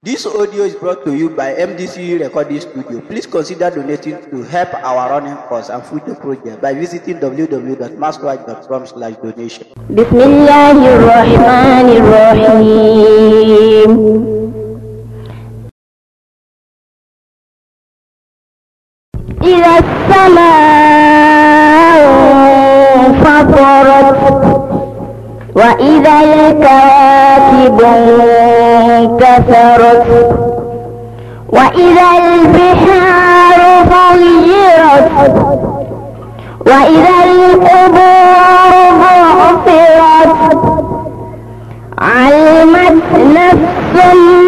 This audio is brought to you by MDCU Recording Studio. Please consider donating to help our running costs and future project by visiting www.maskwatch.com slash donation. بسم الله الرحمن الرحيم إذا السماء انفطرت وإذا الكواكب كثرت وإذا البحار فجرت وإذا القبور بعثرت علمت نفس ما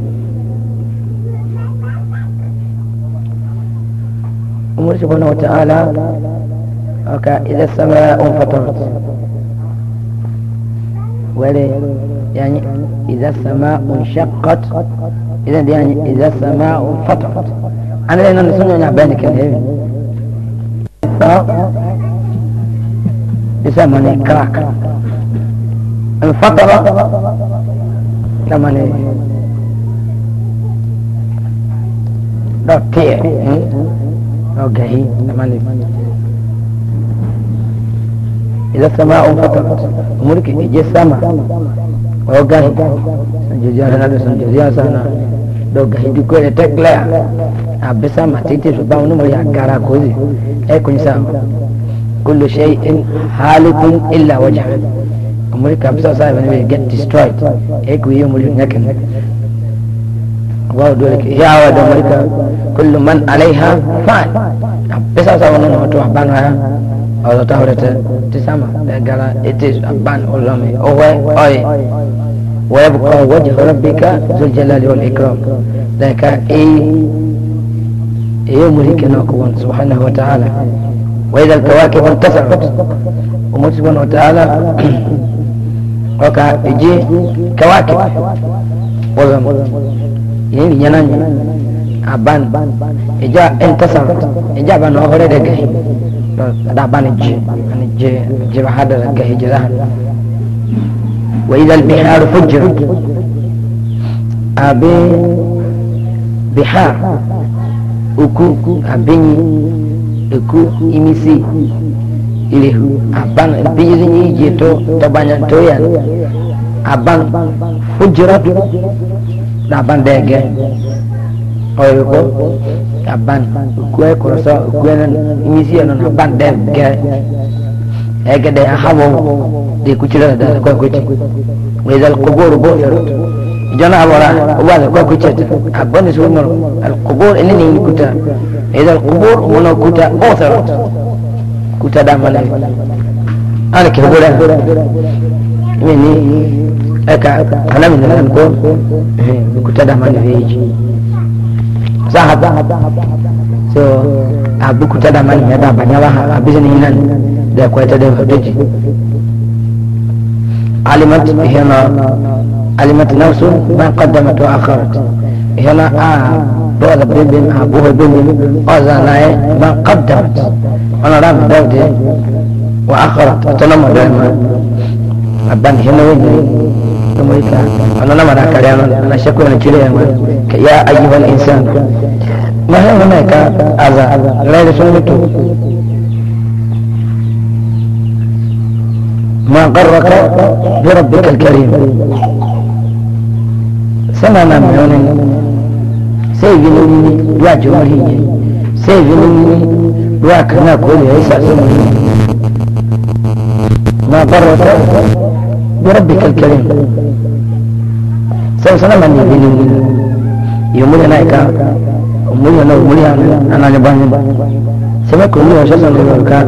أمر سبحانه وتعالى إذا السماء انفطرت ولي يعني إذا السماء انشقت إذا يعني إذا السماء انفطرت أنا لأن نسمع نعبان كذب يسمونه كراك الفطرة ثمانية دوت رجعي تمام إذا السماء انفطرت أمرك إجي السماء وقال جزيان هذا سن جزيان سنة دو gahidi ko ete clear abisa matiti suba onu mori agara kozi e kun sa kullu shay'in halikun illa wajha umuri kabisa sai when get destroyed e ku yi umuri nakin wa dole ya wa da murika كل من عليها فان pesa sa wono no to ban ha o ta hore te ti sama da gara it is ban ulami o we oi wa yabqa wajh rabbika zul jalali wal ikram da ka e يوم ريكنا كون سبحانه وتعالى وإذا الكواكب انتفعت ومن سبحانه وتعالى وكا يجي كواكب وزن يعني ينانيا aban ija intasar ija ban o hore de ge do da ban ji ani lah, je je ba hada de ge ji zahan wa idha al bihar fujjar abi bihar uku abini uku imisi ilihu aban biji ni je to to banyak to ya aban fujrat da ban de ge ọ̀yọ̀kọ́ aban òkú ẹ̀kọ́rọ̀ sọ òkú ẹ̀ ìmísí ẹ̀ nínú aban dẹ́ gẹ́ ẹ̀gẹ́dẹ́ ahábọ̀ dé kutsirẹ́ dada ẹ̀kọ́ ẹ̀kọ́ tsi wẹ́ẹ́dẹ́ kogoro bó yọrọ ìjọba àwọ̀rá ọba àti ẹ̀kọ́ ẹ̀kọ́ tsi ẹ̀tẹ̀ àgbọ̀nì sọ wọn kogoro ẹni ní kuta wẹ́ẹ́dẹ́ kogoro wọn kuta bó sọrọ kuta dá mọ́lẹ́ ali kogoro ẹ̀ mí ni ẹ̀ka anamínú ẹ̀ ń kó kuta dá mọ́lẹ́ fẹ́ yìí. ذهب so abu ku tada mani ya daba nyawa ha abizi ni nan da kwa tada hudiji alimat hina alimat nafsu ma qaddamat wa akharat hina a dole bibin abu hudin ozanaye ma qaddamat ana ram dawde wa akharat tanamma dama abban hina wajhi تمريكا أنا لما ذاك اليوم أنا شكوى نجليه يا أيها الإنسان ما هي هناك أذى غير سنته ما غرك بربك الكريم سنانا ميونين سيجنوني يا جمهورية سيجنوني واكنا كل عيسى سنوني ما غرك بربك الكريم sana mani bini yo muri na ka muri na muri na na ne bani sema ko muri shalla ne ka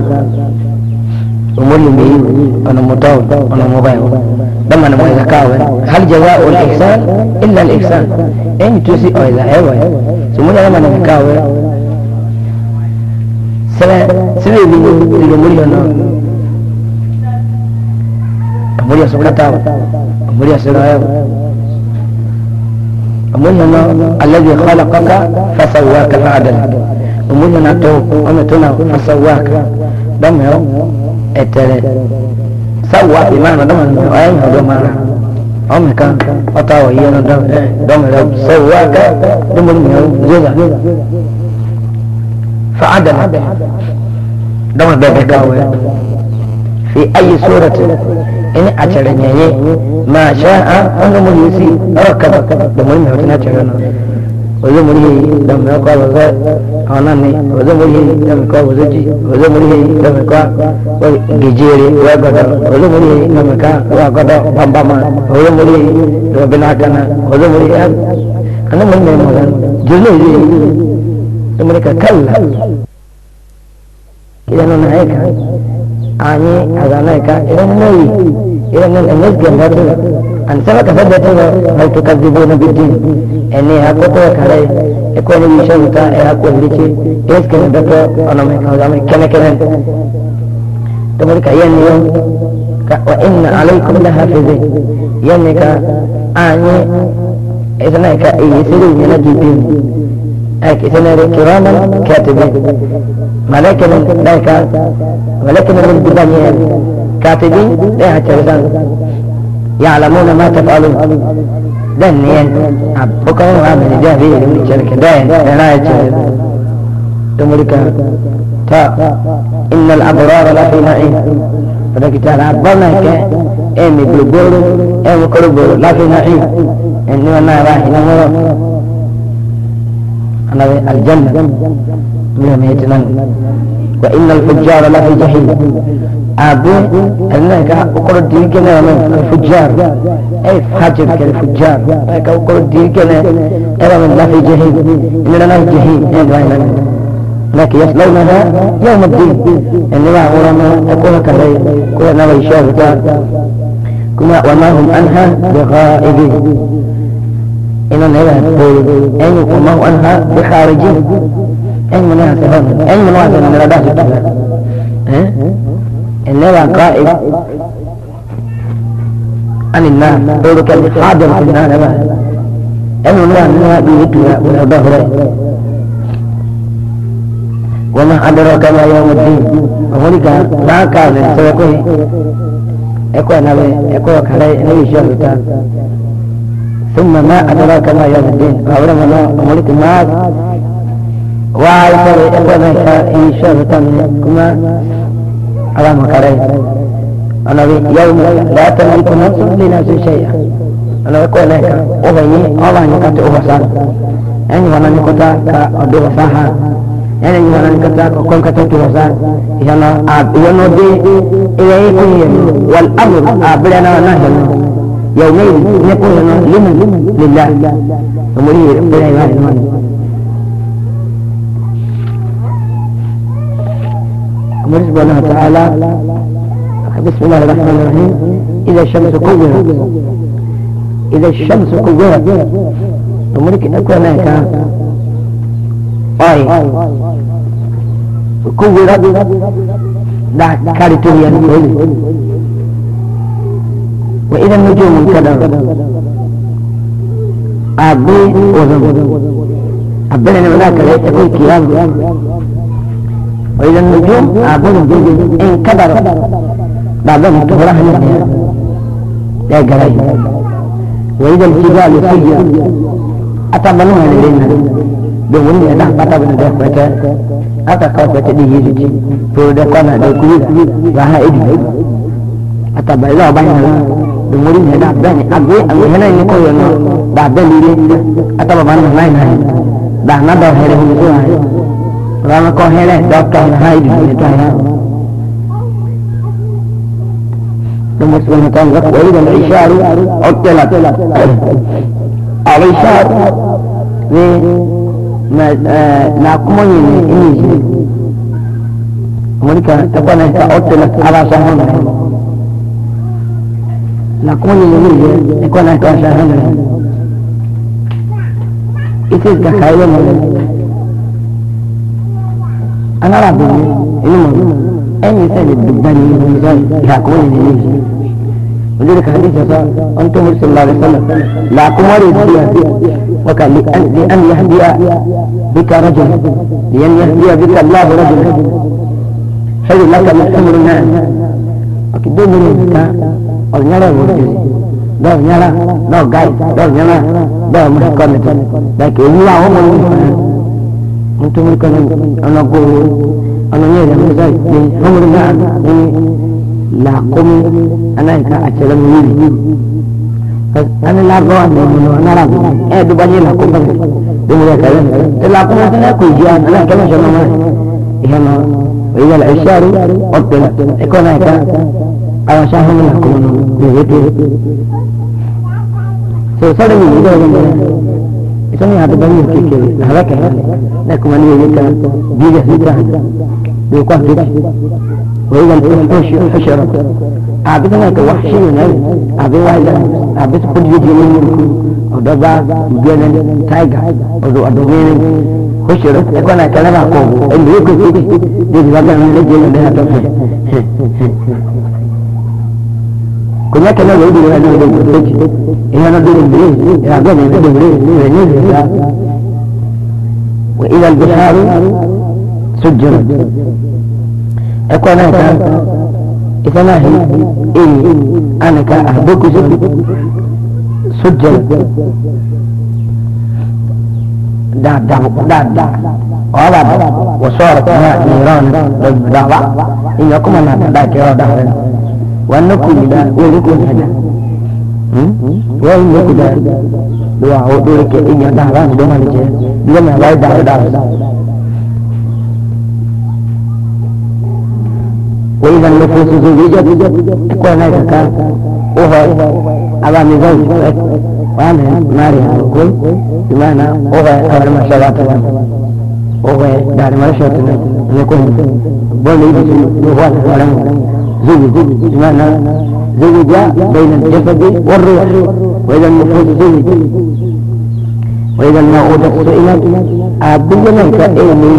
umuri mi ana mutaw ana mobile dama na mwaza kawe hal jazaa'u al ihsan illa al ihsan en tusi o ila hewa sumuri na mani kawe sala sala ni ni muri na muri asubata muri asira hewa أمولنا الذي خلقك فسواك فعدل أمولنا تو أمتنا فسواك دم يوم اتلت سوا بمعنى دم المعين ودم يوم كان أطاوه يوم دم دم يوم سواك دم يوم جزا فعدل دم بابك في أي سورة in a acara nyanyi masya Allah anu muli si oh kata kata muli mewakil acara no ozo muli dam na ba wazo ana ne ozo muli dam kwa wazo ji ozo muli dam kwa wa gijere wa gada ozo muli dam kwa wa gada bambama ozo muli dam bina kana ozo muli anu muli mewakil julu ji mereka kalla na nuna ka आमी खजाना का इरनई इरन अनस के अंदर अंसवा कसर देते हो भाई तो कर दीजिए नबी जी एने आपको तो खड़े एको ने विषय होता है आपको नीचे टेस्ट के अंदर तो अनमे खजाना केने केने तो मेरे कहिए नहीं का व इन अलैकुम लहाफिज यानी का आनी इतना का ये सिरी ने जीते أكثنا كراما كاتبين ملائكة ملائكة ملائكة من البداية كاتبين لا يحترزان يعلمون ما تفعلون دنيا بكرة وعمل ده في من شركة دين لا يجوز تمرك تا إن الأبرار لفي نعيم فلك تعالى عبرنا كأ إيه بلبور إيه مكربور لفي نعيم إنما أنا راح نمر الجنة من يتنن وإن الفجار لفي جحيم أبو أنك أقر الدين كنا أنا الفجار أي فاجر كالفجار أنك أقر الدين كنا أنا من لفي جحيم إن لنا جحيم لكن هذا يوم الدين إنما أمرنا أقول كذلك كنا ويشاهدان كما وما هم عنها بغائبين إنه نهلا بول أين هو أنها بخارجي أين منها سهون أين من واحد من رباس إن إنها قائد عن النار دورك الحاضر في النار بقى أين منها منها بيتها ولا بهرة وما أدراك ما يوم الدين وهناك لا كان سوكوه أكو أنا أكو كلاي أنا يشوفه ثم ما أدراك ما يوم الدين فأولما ما ملك المعاد وعلى إن شاء منكما على مكارين أنا يوم لا تملك نفس لنفس شيئا أنا أقول لك أبي الله نكت أبصر يعني وانا نكتا كأدو صحا يعني وانا نكتا كون كتت أبصر يعني أب ينودي إليه كل والأمر أبلنا ونهلنا يومين يقول لمن لله ومريد يقول إيمان الإيمان أمر سبحانه وتعالى بسم الله الرحمن الرحيم إذا الشمس كورت إذا الشمس كورت أن أكون هناك آية كورت لا كارتوهي أن يعني وإذا النجوم انكدر أبي وزن أبي أنا ولاك ليت فيك يا وإذا النجوم أبي وزن انكدر بعد ذلك تفرح لنا يا قريب وإذا الجبال سيئة أتبلوها لنا بوني أنا بطبنا ذلك فتاة أتقوى فتاة دي يجي فردقنا ذلك فها إدفع أتبلوها بين الله umuri ne da bani agwe agwe hena ni ko yono da bani ile ata baba na nai nai da na da hele hu ko ai rama ko hele da ka na hai ni ta ya ثم سبحانه وتعالى وإذا العشار عطلت العشار na kuma yin inji wani ka tabbana ta otelat ala sahun na kwenye nilivyo nilikuwa natoa shahada iki zikakaile mole anarabi ilmu enyi sani dubani mizan ya kwenye nilivyo وذلك حديث صلى أنت صلى الله عليه وسلم لا كمار يهدي وكان لأن يهدي بك رجل لأن يهدي بك الله رجل خير لك من أمر الناس أكيد دون منك Oh, nyala bodoh. Dah nyala, dah gay, dah nyala, dah mesti konek. Dah kelihatan orang mesti konek. Untuk mereka yang anak guru, anaknya yang mesti jadi orang muda ini lakum anaknya acara mili. Karena lakum ada mana anak lakum? Eh, tu banyak lakum banyak. Tu mula kaya. Tu lakum itu nak kujian, anak kena jangan mana. Ia mana? Ia lah isyarat. Okey, ekonomi kan? أو شاهد يكون بذكر سوسر من إذا وجدنا إسمي هذا بني كي هذا كهذا لكم أن يجيك بيجه بيجه بيقف بيجه وإذا الحش الحشرة أبدا كوحشي من أبي وايد أبي تقول يجي منكم ودبا يجينا تايجا ودو أدوين حشرة يكون كلامه قوم اللي يكون فيه يجي بعدين يجي لنا تفهم kunya kana da ido na da ido sai ina na dole ne ina ga ne da dole ne ne da wa ila al-bihar sujjira akwana ta itana hi eh ana ka ahbuku sujjira da da da da wala da wa sarat ma iran da da ba in yakuma na da ke da da والنكل ولكل هنا والنكل dua ho dua ke inya dah lah dua mana je dua mana baik dah dah وإذا النفوس زوجت تكون هناك أهل أبا مزوج وأنا مارها وكل بمعنى أهل أول ما شغلت أهل دار ما شغلت نكون بولي بس هو زوج بمعنى زوج بين الجسد والروح وإذا النفوس زوج وإذا الموءودة سئلت أبدي من كأيني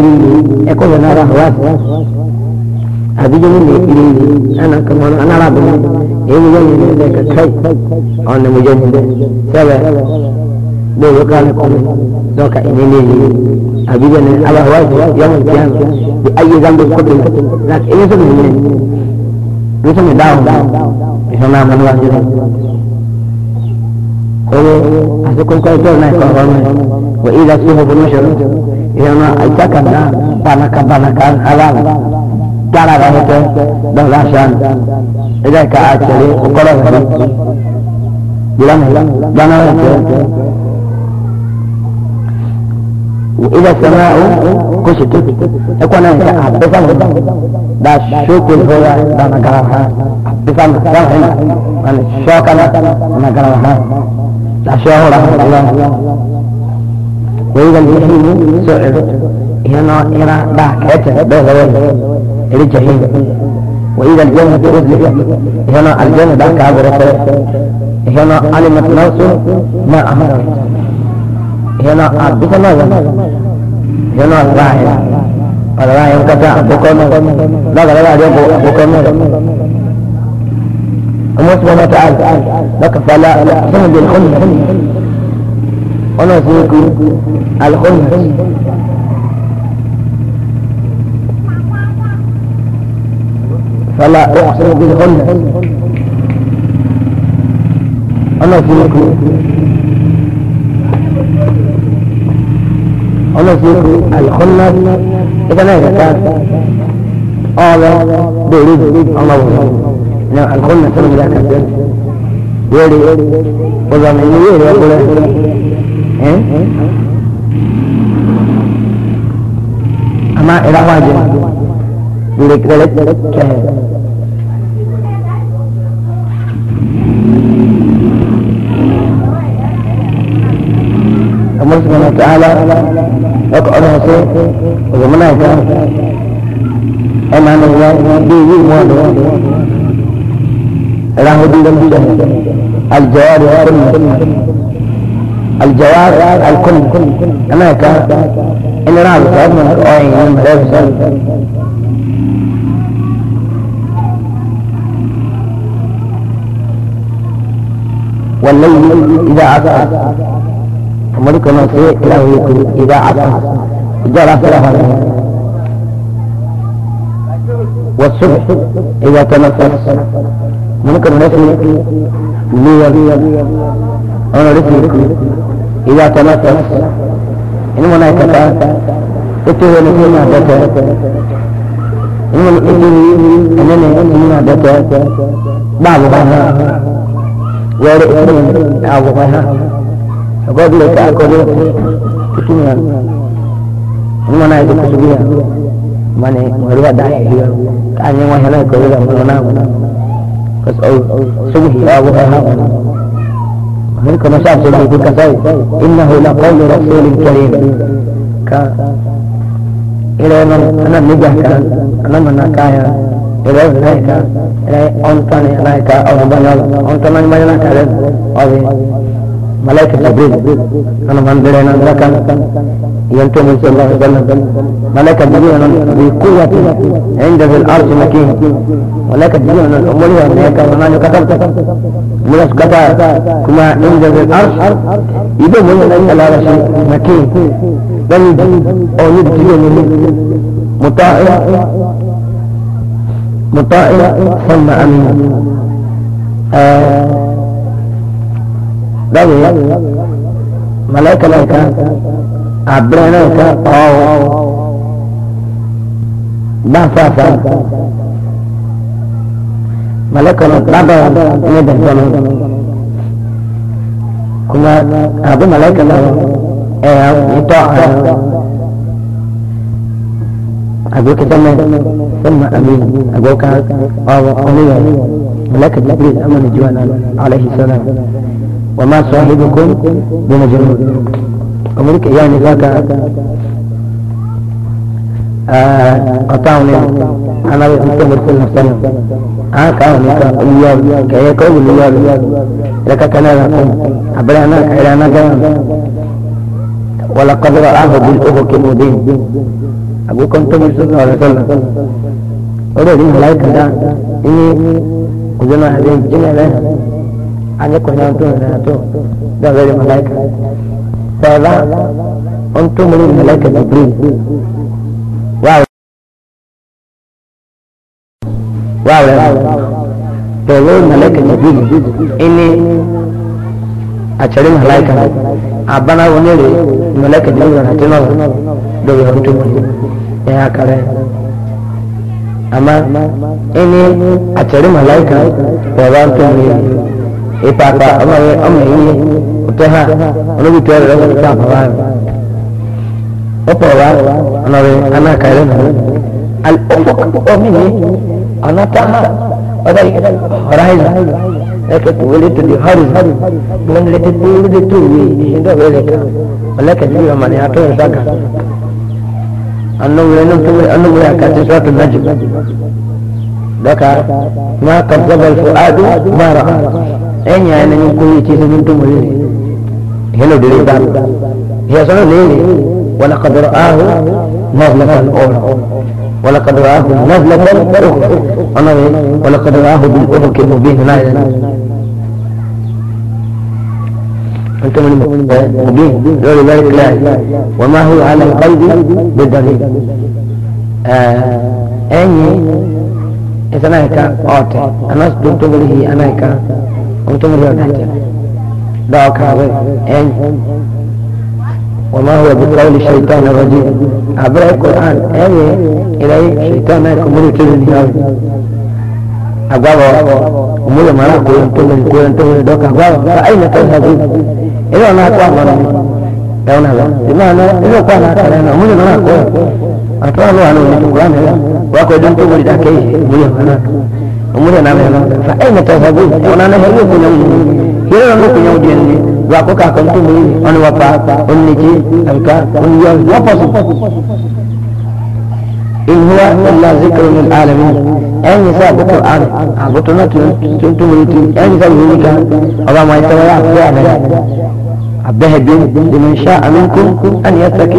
يكون أنا رهوات أبدي من أنا كمان أنا رب إيه مجنن ذاك كي أنا مجنن سبع لو كان كم لو كأيني أبدي من على هواي يوم القيامة بأي ذنب قتل لكن إيه سبب ဒုက္ခနဲ့တောင်းပြီးဆုံးလာမလို့ရတယ်အဲအစကုန်ကတော့နိုင်ကောင်းပါမယ်။ဝိဒါစီဟုတ်ဘူးမရှိဘူး။ဒီမှာအကြက်ကနာဘာနာကဘာနာကဟာလာလား။ကြားရတာဟုတ်တယ်။ဒေါ်လာရှန်။ဒါကအချက်လေးကိုကောလာဘူး။ဒီလမ်းလမ်းဘာနာလဲ။ဝိဒါစနာကိုကိုရှိတဲ့အကွမ်းနဲ့အဘဘလို့ ده الشوك الهوية ده نجرها بسم الشرح والشوكة نجرها ده شهر رحمة الله وإذا الجحيم سعر هنا هنا ده حتة بهوية الجحيم وإذا الجنة أزلفت هنا الجنة ده كعب رسول هنا علمت نفس ما أمرت هنا أبدا هنا الراحل ọlọ́run yẹn kata àkókò náà lọ́gàdá bá dé àkókò náà ọmọ tí wọn bá ta àlù lọ́kà fàlà fún ìdè lọ́kùn ọ̀nà òfin kú àlùkùn. فلا أقسم بالهن أنا فيك أنا فيك الخنة এটা নাই দৌড়ি দৌড়ি আমার এরা اقعدها شيء ومنعك أم عن الله ديني موضوع له دين الجهل الجواب الكل الجواب الكل أما كان إن رابط أبنى أعين يفسد والليل إذا عسى ملك المصير له إذا عصر جرى له والصبح إذا تنفس ملك الرسل لي أو رسل إذا تنفس إن ملائكة تتوه لكي عدتا إن الإذن أنني أنني عدتا بعضها ورئيسين بعضها godle ka kode kutumia mana itu kusubia mana merua dahi dia tanya wa hana kode la mana kas au subhi abu aha هل كما شاف سيدي في كسائي إنه لقول رسول كريم ك إلى من أنا نجح كان أنا من كايا إلى ذلك إلى أنتني أنا كا أو بنيال أنتني ما ينكر أو ملائكة جبريل أنا من درينا ملكا ينتهي من صلى الله عليه وسلم ملائكة جبريل بقوة عند في الأرض مكين ملائكة جبريل أمولها ملائكة ومن كتبت ملس قطع كما عند في الأرض إذا من أن الأرش مكين بل أو يبتلي من مطاع مطاع ثم أمين آه dawe malaika laika abra laika pawo ba fa fa malaika no daga ne da zama kuma abu malaika na eh ito أبوك دمه ثم أمين أبوك أو أمين ملك النبي الأمن جوانا عليه السلام وما صاحبكم بمجنون أمريكا يعني ذاك آه، قطعوني أنا بسم كل سنة آه كاوني كي كايو كايو لك كان لكم أبرانا كيرانا كان ولقد رآه بالأفق المبين أبو كنت مرسل على سنة أولي ملائكة إني وجنا هذين جنا لها ane kɔnyɛ ntun nana to el malaika sɛba ntun mu ni malaika jibiri waawu el dɔwɛrɛ malaika jibiri ini akyɛrɛ malaika abana wɔn el malaika jibiri nana no nɔrɔ dɔwɛrɛ ntun mu ni ama malaika ìpàpà ọmọ yẹn ọmọ yẹn ọtẹ ha ọlọ́bi tó ẹrẹ ọmọ nípa àpá báyìí ọ̀pọ̀ wa ọ̀nàrẹ anáka ẹrẹ nà ọ̀pọ̀ ọmọ yẹn ọ̀nàtà ha ọ̀dà yẹn horizon ẹ̀kẹ́ tó wọlé tó di horizon gbọ́n lé tó tó lé tó wí ìṣẹ́ tó wọlé ká ọ̀lẹ́kẹ̀ tó yọ ọmọ ni atọ́ ẹ̀dá kan annabi nan tuwe annabi ya kace sura najm daka ma kazzaba al fuadu ma အဲညာနဲ့ကိုယ်ကြီးခြေစုံတုံးဝင်လေဒီလိုဒီလိုဒါဒီအစလုံးလေးလေဝလကဒရအာဟူမဘလကန်အောလာ ولقد رآه نزلة أخرى أنا ولقد رآه بالأفق المبين لا أنت من مبين ولذلك لا وما هو على القلب بدليل أني إذا أنا كان أوتي أنا أصدقت به أنا كان أنتم اليوم دعوك أين وما هو بقول الشيطان الرجيم عبر القرآن أين إليه شيطان يكمل تلين هاي أقوى أمور مراكو أنتم الكل أنتم الدوك أقوى فأين تذهبون إذا ما أقوى مرمي دعونا لا بمعنى إذا قوى لا تلين أمور مراكو أتوى الله أنه يتقران هلا وأقوى دمتم لدعكيه أمور مراكو umuri na mena fa aina tadhabun ona na hiyo kuna umuri hiyo na kuna ujenzi wa kuka kwa mtu mwingine ona wapa oniki alka onyo wapo in huwa illa dhikrun lil alamin ayin sa bu qur'an a butuna tun tun muriti ayin sa bu ka aba mai tawaya ya ne abbe bin liman sha'a minkum an yattaqi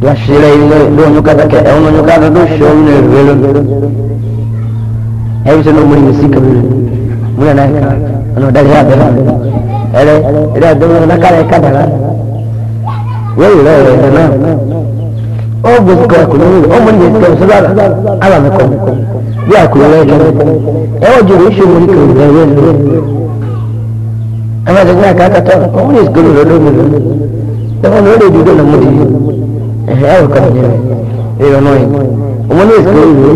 dɔsire ile lonyukata kɛ ɛwonyukata do sɔmi ne velo ɛbi sɛ n'omori mi si kabiri mu nana yi kan ɔnɔ dali ya bɛla ɛlɛ ɛlɛ adomi na kala yi ka dala wɛyi lɛ yɛrɛ nana o gosi kɔ ɛkulu mi o mori yɛrɛ kɛmɛ sɛbɛn ala ala mi kɔ bi akulu lɛ kɛmɛ ɛwɔ joli o sɔmi kɛmɛ lɛ yɛrɛ lɛ ɛmɛ sɛ kí n'a k'a ka tɔ ɔmɔ yɛrɛ kɛmɛ lɛ lɛ mi lɛ ɛfɔ mi o de dundun ẹ̀hẹ́ àwòká es èrò náà yìí Es ní èsì lórí rẹ̀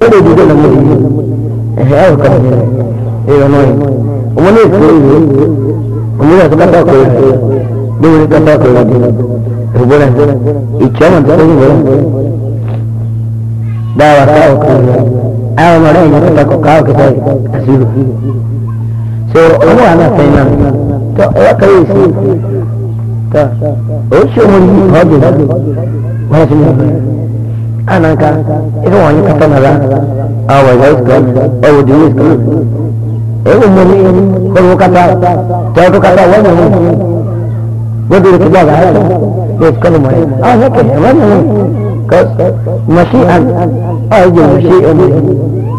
lórí ìdíjọ́ lọ́mọ es ẹ̀hẹ́ àwòká ìjẹ́rẹ̀ èrò náà yìí ọmọ es èsì lórí rẹ̀ es ní àtúntà kọ̀ rẹ̀ lórí ìtàkà kọ̀ rẹ̀ es so ó ṣe wọn yìí ọjọ wọn ti mú ananka ẹ wọn yìí kata nara àwọn ìyá ìsìkà ọwọ ìdílé ìsìkà ẹwọ mọ ní kọlọwọ kata tẹwọtọ kata wọn yìí wọn bẹrẹ kíjà wà áyà lọ ìsìkà ló mọ ẹ àwọn ìyá kẹkẹ wọn yìí kọ mọṣí àná ọ ẹ jẹ mọṣí ọmọ yìí.